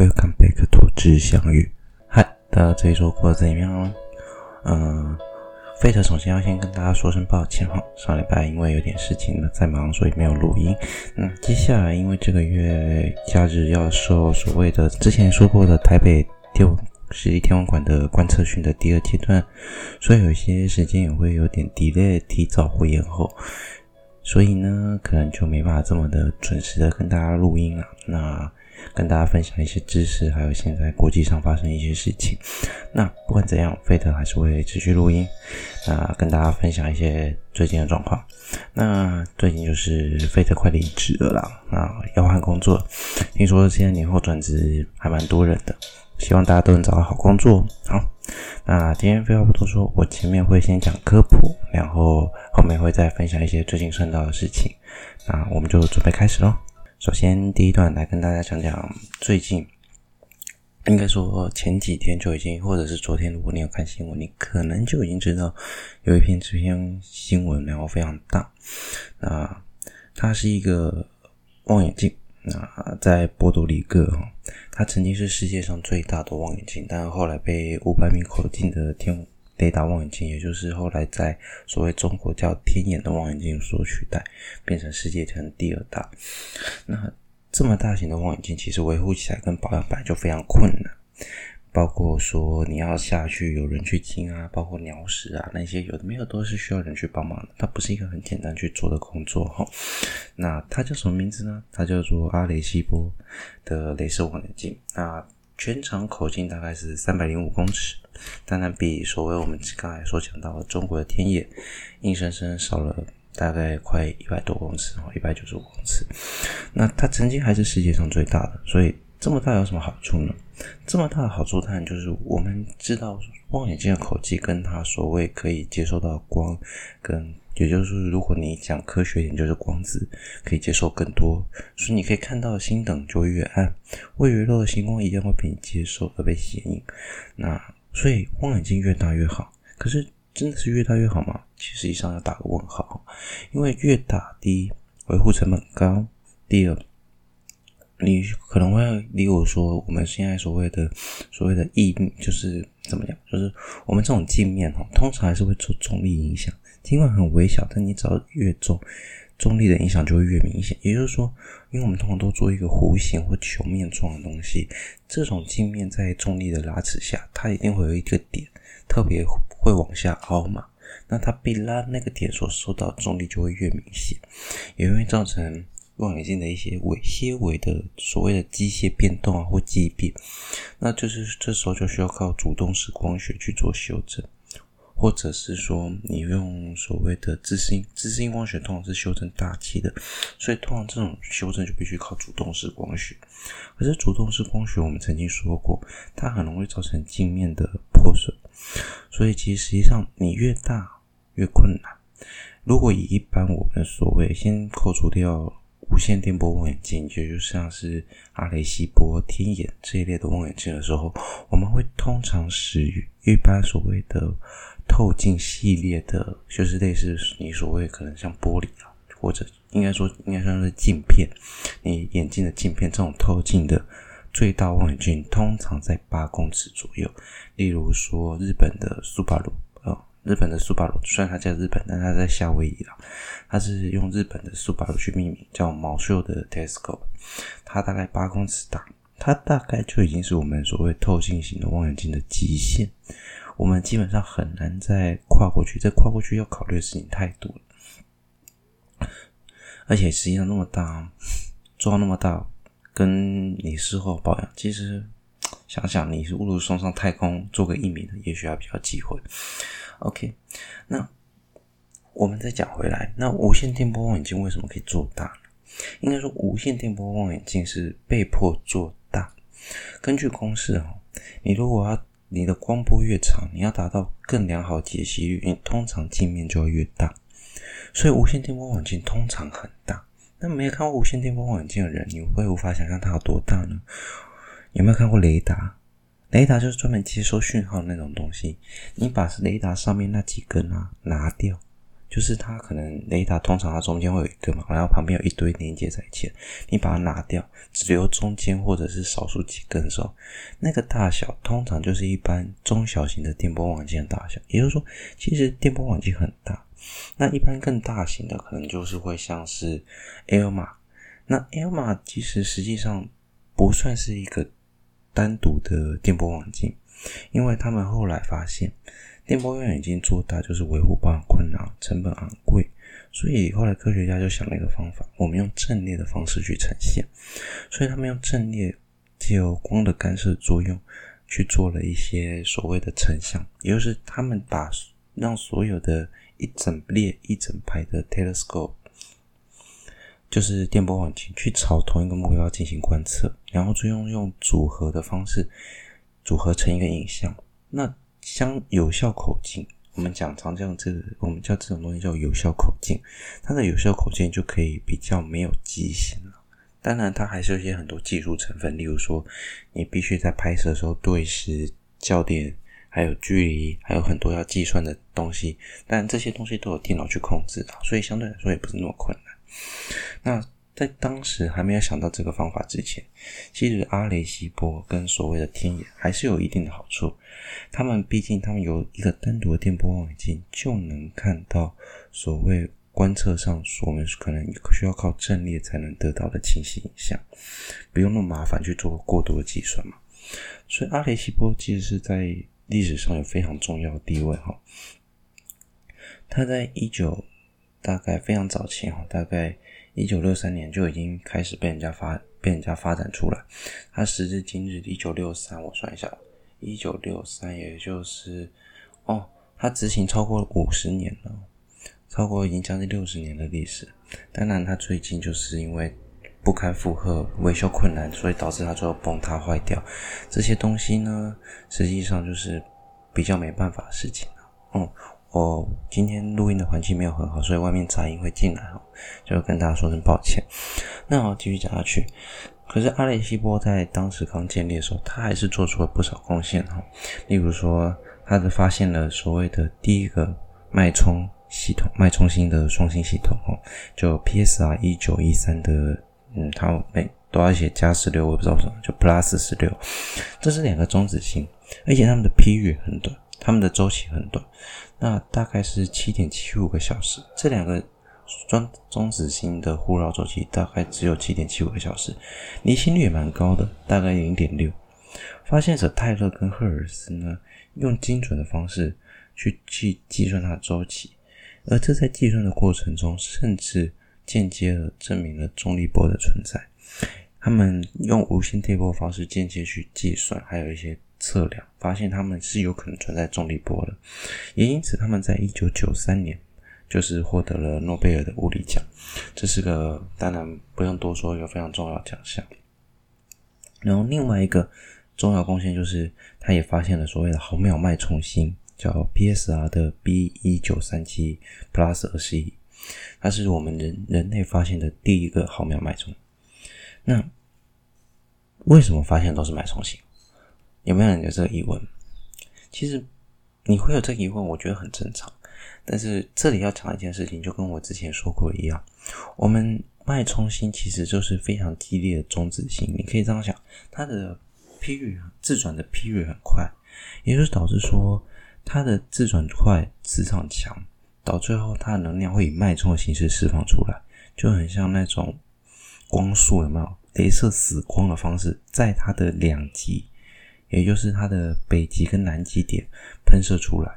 Welcome back to 之相遇。嗨，大家這一周過得怎麼樣？嗯，Faith 首先要先跟大家說聲抱歉哈，上禮拜因為有點事情呢在忙，所以沒有錄音。那、嗯、接下來因為這個月假日要受所謂的之前說過的台北市立天文館的觀測訓的第二階段，所以有些時間也會有點 delay 提早、或延後，所以呢，可能就沒辦法這麼的準時的跟大家錄音了。那。跟大家分享一些知識，還有現在國際上發生一些事情。那不管怎樣，Faith 還是會持續錄音，那跟大家分享一些最近的狀況。那最近就是 Faith 快離職了啦，啊，要換工作，聽說現在年後轉職還蠻多人的，希望大家都能找到好工作。好，那今天廢話不多說，我前面會先講科普，然後後面會再分享一些最近順道的事情。那我們就準備開始嘍。首先，第一段來跟大家講講最近，應該說前幾天就已經，或者是昨天，如果你有看新聞，你可能就已經知道有一篇這篇新聞，然後非常大。那、呃、它是一個望遠鏡，啊、呃，在波多黎各哈，它曾經是世界上最大的望遠鏡，但後來被五百米口徑的天。雷達望遠鏡，也就是後來在所謂中國叫“天眼”的望遠鏡所取代，變成世界前第二大。那這麼大型的望遠鏡，其實維護起來跟保養本來就非常困難，包括說你要下去有人去清啊，包括鳥屎啊那些，有的沒有都是需要人去幫忙的，它不是一個很簡單去做的工作哈。那它叫什麼名字呢？它叫做阿雷西博的鐳射望遠鏡。那全長口徑大概是三百零五公尺，當然比所謂我們剛才所講到的中國的天眼，硬生生少了大概快一百多公尺，一百九十五公尺。那它曾經還是世界上最大的，所以這麼大有什麼好處呢？這麼大的好處當然就是我們知道望遠鏡的口徑跟它所謂可以接收到光跟。也就是，如果你講科學研究的光子可以接受更多，所以你可以看到的星等就越暗。未娛漏的星光一樣會被你接受，而被顯影。那所以望遠鏡越大越好，可是真的是越大越好嗎？其實以上要打個問號，因為越大，第一，維護成本高，第二，你可能會理我說我們現在所謂的所謂的意義就是怎麼講？就是我們這種鏡面通常還是會受重力影響。儘管很微小，但你只要越重，重力的影響就會越明顯。也就是說，因為我們通常都做一個弧形或球面狀的東西，這種鏡面在重力的拉扯下，它一定會有一個點特別會往下凹嘛。那它被拉那個點所受到的重力就會越明顯，也會造成望遠鏡的一些尾纖尾的所謂的機械變動啊或畸變。那就是這時候就需要靠主動式光學去做修正。或者是說，你用所謂的自適應自適應光學通常是修正大氣的，所以通常這種修正就必須靠主動式光學。可是主動式光學，我們曾經說過，它很容易造成鏡面的破損。所以其實實際上，你越大越困難。如果以一般我們所謂先扣除掉無線電波望遠鏡，也就是像是阿雷西博、天眼這一類的望遠鏡的時候，我們會通常使用一般所謂的。透鏡系列的，就是類似你所謂可能像玻璃啊，或者應該說應該算是鏡片，你眼鏡的鏡片這種透鏡的，最大望遠鏡通常在八公尺左右。例如說日本的 Subaru，哦，日本的 Subaru，雖然它在日本，但它在夏威夷啦，它是用日本的 Subaru 去命名，叫毛秀的 Telescope，它大概八公尺大，它大概就已經是我們所謂透鏡型的望遠鏡的極限。我們基本上很難再跨過去，再跨過去要考慮的事情太多了，而且實際上那麼大，做到那麼大，跟你事後保養，其實想想你是不如送上太空做個一米的，也許還比較有機會。OK，那我們再講回來，那無線電波望遠鏡為什麼可以做大呢？應該說無線電波望遠鏡是被迫做大。根據公式啊，你如果要，你的光波越長，你要達到更良好解析率，因為通常鏡面就會越大。所以無線電波望遠鏡通常很大。那沒有看過無線電波望遠鏡的人，你會無法想象它有多大呢？有沒有看過雷達？雷達就是專門接收訊號那種東西。你把雷達上面那幾根啊拿掉。就是它可能雷達通常它中間會有一個嘛，然後旁邊有一堆連接在一起，你把它拿掉，只留中間或者是少數幾根的時候，那個大小通常就是一般中小型的電波望遠鏡大小。也就是說，其實電波望遠鏡很大，那一般更大型的可能就是會像是 ALMA，那 ALMA 其實實際上不算是一個單獨的電波望遠鏡，因為他們後來發現。電波望遠鏡做大就是維護保養困難，成本昂貴，所以後來科學家就想了一個方法，我們用陣列的方式去呈現，所以他們用陣列借由光的干涉作用去做了一些所謂的成像，也就是他們把讓所有的一整列、一整排的 telescope，就是電波望遠鏡去朝同一個目標進行觀測，然後最終用組合的方式組合成一個影像。那相有效口徑，我們講常這樣的這個，我們叫這種東西叫有效口徑，它的有效口徑就可以比較沒有極限了。當然，它還是有一些很多技術成分，例如說，你必須在拍攝的時候對時、焦點、還有距離，還有很多要計算的東西。但這些東西都有電腦去控制的，所以相對來說也不是那麼困難。那在當時還沒有想到這個方法之前，其實阿雷西波跟所謂的天眼還是有一定的好處。他們畢竟他們有一個單獨的電波望遠鏡，就能看到所謂觀測上我們可能需要靠陣列才能得到的清晰影像，不用那麼麻煩去做過多的計算嘛。所以阿雷西波其實是在歷史上有非常重要的地位哈、哦。他在一九大概非常早前哈、哦，大概。一九六三年就已經開始被人家發被人家發展出來，它時至今日，一九六三我算一下，一九六三也就是哦，它執行超過五十年了，超過已經將近六十年的歷史。當然，它最近就是因為不堪負荷、維修困難，所以導致它最後崩塌壞掉。這些東西呢，實際上就是比較沒辦法的事情了哦。嗯我、哦、今天錄音的環境沒有很好，所以外面雜音會進來，就跟大家說聲抱歉。那好，繼續講下去。可是阿雷西波在當時剛建立的時候，他還是做出了不少貢獻哈。例如說，他是發現了所謂的第一個脈衝系統、脈衝星的雙星系統哦，就 PSR 一九一三的，嗯，他每多少寫加十六，16，我也不知道什麼，就 Plus 十六，這是兩個中子星，而且他們的 P 域很短，他們的週期很短。那大概是七點七五個小時，這兩個中中子星的互繞周期大概只有七點七五個小時，離心率也蠻高的，大概零點六。發現者泰勒跟赫爾斯呢，用精準的方式去計計算它的周期，而這在計算的過程中，甚至間接地證明了重力波的存在。他們用無線電波方式間接去計算，還有一些。測量發現他們是有可能存在重力波的。也因此他們在一九九三年就是獲得了諾貝爾的物理獎，這是個當然不用多說一個非常重要的獎項。然後另外一個重要貢獻就是他也發現了所謂的毫秒脈衝星，叫 PSR 的 B 一九三七 plus 二十一，21，它是我們人人類發現的第一個毫秒脈衝星。那為什麼發現都是脈衝星？有沒有人有這個疑問？其實你會有這個疑問，我覺得很正常。但是這裡要講一件事情，就跟我之前說過一樣，我們脈衝星其實就是非常激烈的中子星。你可以這樣想，它的頻率自轉的頻率很快，也就是導致說它的自轉快，磁場強，到最後它的能量會以脈衝的形式釋放出來，就很像那種光速有沒有？鐳射死光的方式，在它的兩極。也就是它的北極跟南極點噴射出來，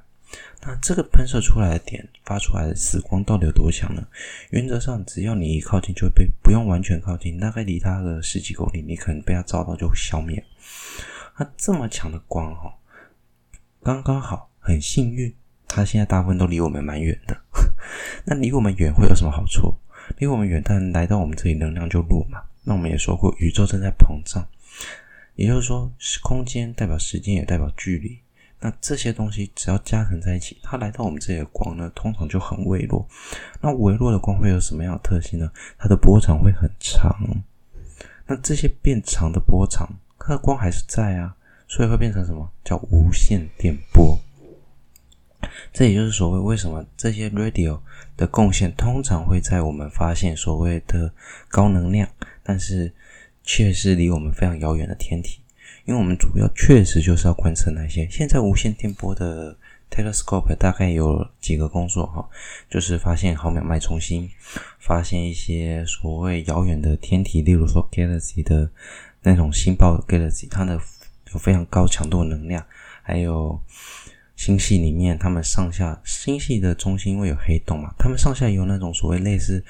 那這個噴射出來的點發出來的死光到底有多強呢？原則上，只要你一靠近就會被，不用完全靠近，大概離它的十幾公里，你可能被它照到就會消滅。那這麼強的光哈，剛剛好，很幸運，它現在大部分都離我們蠻遠的。那離我們遠會有什麼好處？離我們遠，但來到我們這裡能量就弱嘛。那我們也說過，宇宙正在膨脹。也就是說，空間代表時間，也代表距離。那這些東西只要加成在一起，它來到我們這裡的光呢，通常就很微弱。那微弱的光會有什麼樣的特性呢？它的波長會很長。那這些變長的波長，它的光還是在啊，所以會變成什麼叫無線電波？這也就是所謂為什麼這些 radio 的貢獻通常會在我們發現所謂的高能量，但是。確實離我們非常遙遠的天體，因為我們主要確實就是要觀測那些現在無線電波的 telescope 大概，有幾個工作哈，就是發現毫秒脈衝星，發現一些所謂遙遠的天體，例如說 galaxy 的那種星爆 galaxy，它的有非常高強度能量，還有星系裡面他們上下星系的中心會有黑洞嘛，他們上下有那種所謂類似。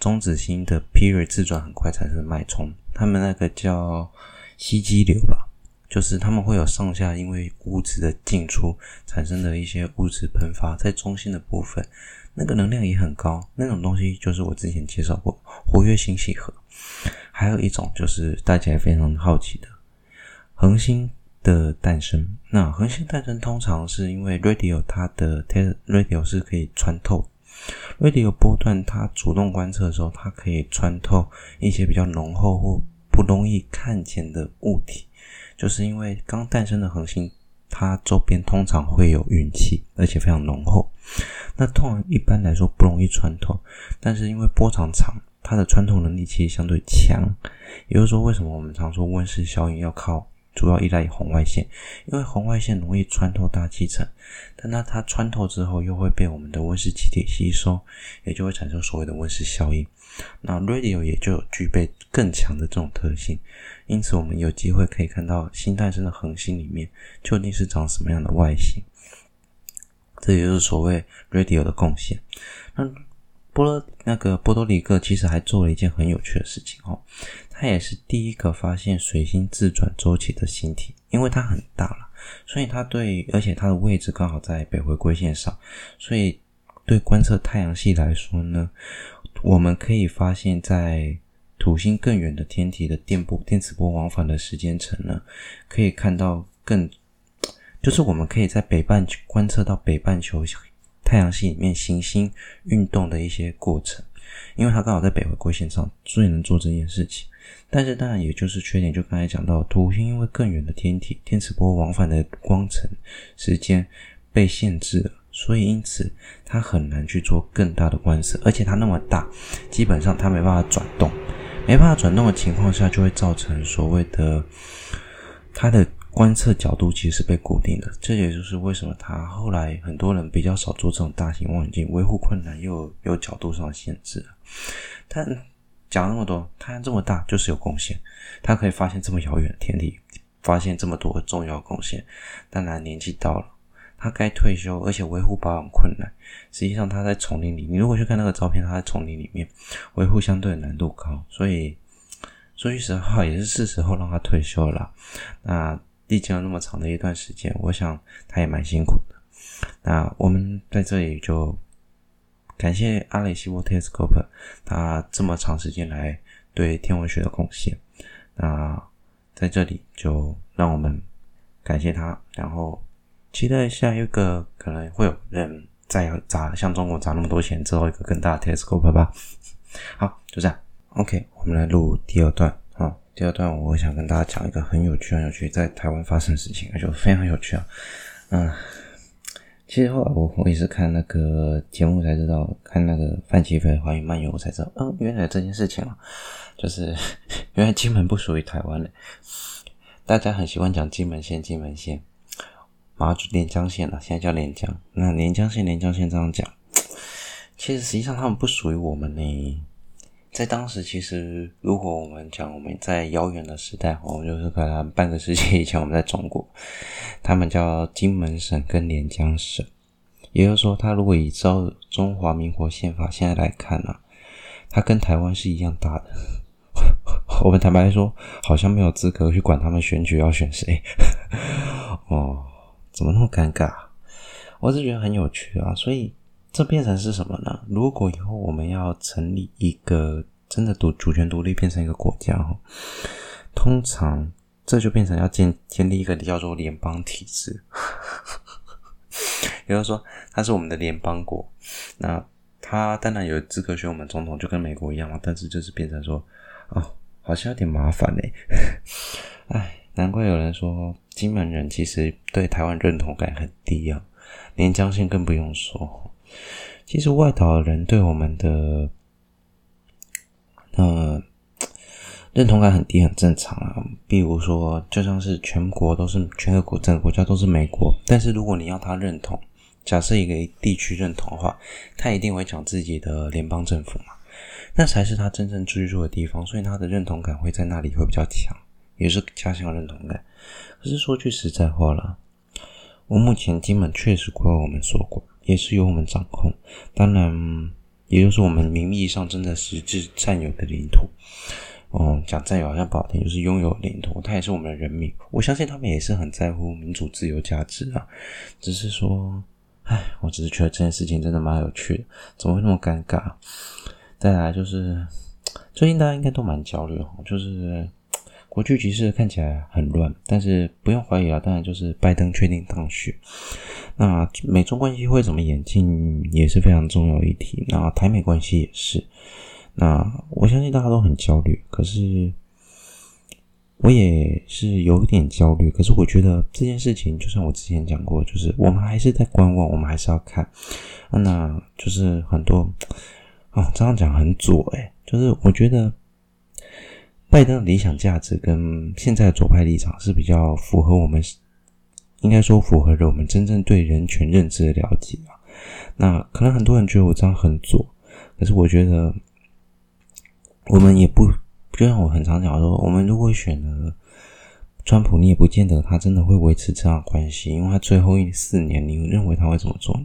中子星的 period 自轉很快，產生脈衝。他們那個叫吸積流吧，就是他們會有上下，因為物質的進出產生的一些物質噴發，在中心的部分，那個能量也很高。那種東西就是我之前介紹過活躍星系核。還有一種就是大家也非常好奇的恆星的誕生。那恆星誕生通常是因為 radio 它的 tel, radio 是可以穿透。radio 波段，它主動觀測的時候，它可以穿透一些比較濃厚或不容易看見的物體，就是因為剛誕生的恆星，它周邊通常會有雲氣，而且非常濃厚。那通常一般來說不容易穿透，但是因為波長長，它的穿透能力其實相對強。也就是說，為什麼我們常說溫室效應要靠。主要依賴於紅外線，因為紅外線容易穿透大氣層，但它它穿透之後又會被我們的溫室氣體吸收，也就會產生所謂的溫室效應。那 radio 也就具備更強的這種特性，因此我們有機會可以看到新誕生的恆星裡面究竟是長什麼樣的外形。這也就是所謂 radio 的貢獻。那波羅那個波多黎各其實還做了一件很有趣的事情哦。它也是第一個發現水星自轉周期的星體，因為它很大了，所以它對，而且它的位置剛好在北回歸線上，所以對觀測太陽系來說呢，我們可以發現，在土星更遠的天體的電波、電磁波往返的時間層呢，可以看到更，就是我們可以在北半球觀測到北半球太陽系裡面行星運動的一些過程，因為它剛好在北回歸線上，所以能做這件事情。但是當然，也就是缺點就，就剛才講到，土星因為更遠的天體，電磁波往返的光程時間被限制了，所以因此它很難去做更大的觀測，而且它那麼大，基本上它沒辦法轉動，沒辦法轉動的情況下，就會造成所謂的它的觀測角度其實是被固定的。這也就是為什麼它後來很多人比較少做這種大型望遠鏡，維護困難又，又有角度上的限制了。但講那麼多，太陽這麼大就是有貢獻，他可以發現這麼遙遠的天體，發現這麼多的重要貢獻。當然年紀到了，他該退休，而且維護保養困難。實際上他在叢林裡，你如果去看那個照片，他在叢林裡面維護相對的難度高。所以說句實話，也是是時候讓他退休了。那歷經了那麼長的一段時間，我想他也蠻辛苦的。那我們在這裡就。感謝阿雷西博 telescope，他這麼長時間來對天文學的貢獻。那在這裡就讓我們感謝他，然後期待下一個可能會有人再砸像中國砸那麼多錢之後一個更大的 telescope 吧。好，就這樣。OK，我們來錄第二段啊。第二段我想跟大家講一個很有趣、很有趣在台灣發生的事情，就非常有趣啊。嗯。其實我我也是看那個節目才知道，看那個范奇飛的《華語漫遊》，我才知道，嗯，原來這件事情啊，就是原來金門不屬於台灣的，大家很習慣講金門縣、金門縣，馬祖連江縣了，現在叫連江，那連江縣、連江縣這樣講，其實實際上他們不屬於我們呢。在當時，其實如果我們講我們在遙遠的時代，我們就是可能半個世紀以前，我們在中國，他們叫金門省跟連江省，也就是說，他如果依照中華民國憲法現在來看呢，啊，他跟台灣是一樣大的。 我們坦白說，好像沒有資格去管他們選舉要選誰。 哦，怎麼那麼尷尬？我是覺得很有趣啊，所以。這變成是什麼呢？如果以後我們要成立一個真的獨主權獨立變成一個國家哦，通常這就變成要建建立一個叫做聯邦體制。比 方說，它是我們的聯邦國，那它當然有資格選我們總統，就跟美國一樣嘛。但是就是變成說哦，好像有點麻煩嘞。 唉，難怪有人說金門人其實對台灣認同感很低啊，連江縣更不用說。其實外島的人對我們的，呃，認同感很低，很正常啊。比如說，就像是全國都是全國國鎮國家都是美國，但是如果你要他認同，假設一個地區認同的話，他一定會講自己的聯邦政府嘛，那才是他真正居住的地方，所以他的認同感會在那裡會比較強，也是家鄉認同感。可是說句實在話了，我目前基本確實歸我們所過也是由我們掌控，當然，也就是我們名義上真的實質占有的領土。嗯，講占有好像不好聽，就是擁有領土，他也是我們的人民。我相信他們也是很在乎民主自由價值啊，只是說，唉，我只是覺得這件事情真的蠻有趣的，怎麼會那麼尷尬？再來就是，最近大家應該都蠻焦慮，就是。國際局勢看起來很亂，但是不用懷疑啦，當然就是拜登確定當選。那美中關係會怎麼演進也是非常重要的一題。那台美關係也是。那我相信大家都很焦慮，可是我也是有點焦慮。可是我覺得這件事情，就像我之前講過，就是我們還是在觀望，我們還是要看。那就是很多啊，這樣講很左哎、欸，就是我覺得。拜登的理想價值跟現在的左派立場是比較符合我們，應該說符合着我們真正對人權認知的了解啊。那可能很多人覺得我這樣很左，可是我覺得我們也不就像我很常講說，我們如果選了川普，你也不見得他真的會維持這樣的關係，因為他最後一四年，你認為他會怎麼做？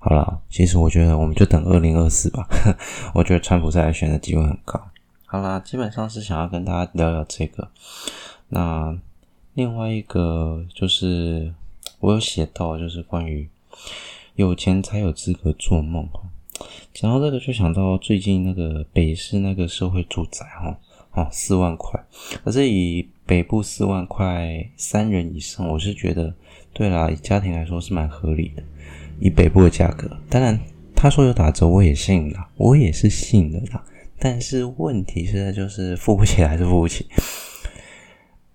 好了，其實我覺得我們就等二零二四吧呵呵。我覺得川普再來選的機會很高。好啦，基本上是想要跟大家聊聊這個。那另外一個就是我有寫到，就是關於有錢才有資格做夢。講到這個，就想到最近那個北市那個社會住宅哈，哦、啊，四萬塊，可是以北部四萬塊三人以上，我是覺得對啦，以家庭來說是蠻合理的。以北部的價格，當然他說有打折，我也信啦，我也是信的啦。但是問題是，就是付不起來，還是付不起？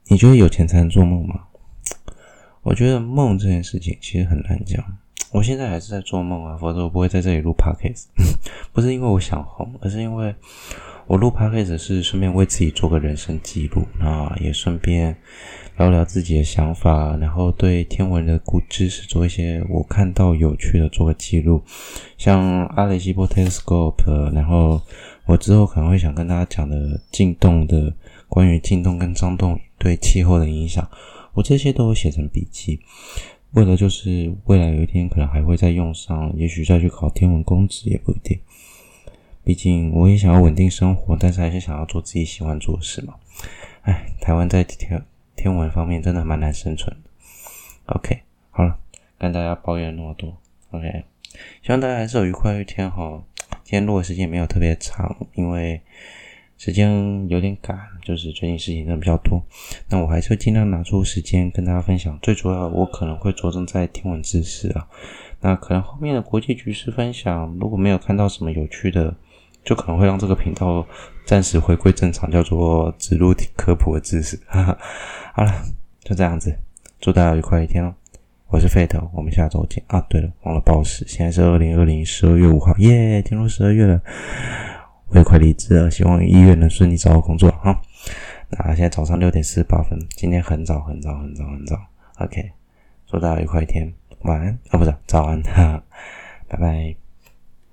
你覺得有錢才能做夢嗎？我覺得夢這件事情其實很難講。我現在還是在做夢啊，否則我不會在這裡錄 podcast。 不是因為我想紅，而是因為我錄 podcast 是順便為自己做個人生記錄啊，然後也順便聊聊自己的想法，然後對天文的古知識做一些我看到有趣的做個記錄，像阿雷西博 Telescope，然後。我之後可能會想跟大家講的進動的關於進動跟章動對氣候的影響，我這些都有寫成筆記，為了就是未來有一天可能還會再用上，也許再去考天文公職也不一定。畢竟我也想要穩定生活，但是還是想要做自己喜歡做的事嘛。哎，台灣在天天文方面真的蠻難生存的。OK，好了，跟大家抱怨那麼多，OK，希望大家還是有愉快的一天哈。今天錄的時間也沒有特別長，因為時間有點趕，就是最近事情真的比較多。那我還是會盡量拿出時間跟大家分享。最主要我可能會着重在天文知識啊。那可能後面的國際局勢分享，如果沒有看到什麼有趣的，就可能會讓這個頻道暫時回歸正常，叫做只錄科普的知識。 好了，就這樣子，祝大家愉快一天。我是 Faith，我們下周見啊！對了，忘了報時，現在是二零二零十二月五號，耶，進入十二月了，我也快離職了，希望一月能順利找到工作哈。那、啊、現在早上六點四十八分，今天很早很早很早很早。OK，祝大家愉快一天，晚安啊，哦，不是早安，哈，哈，拜拜。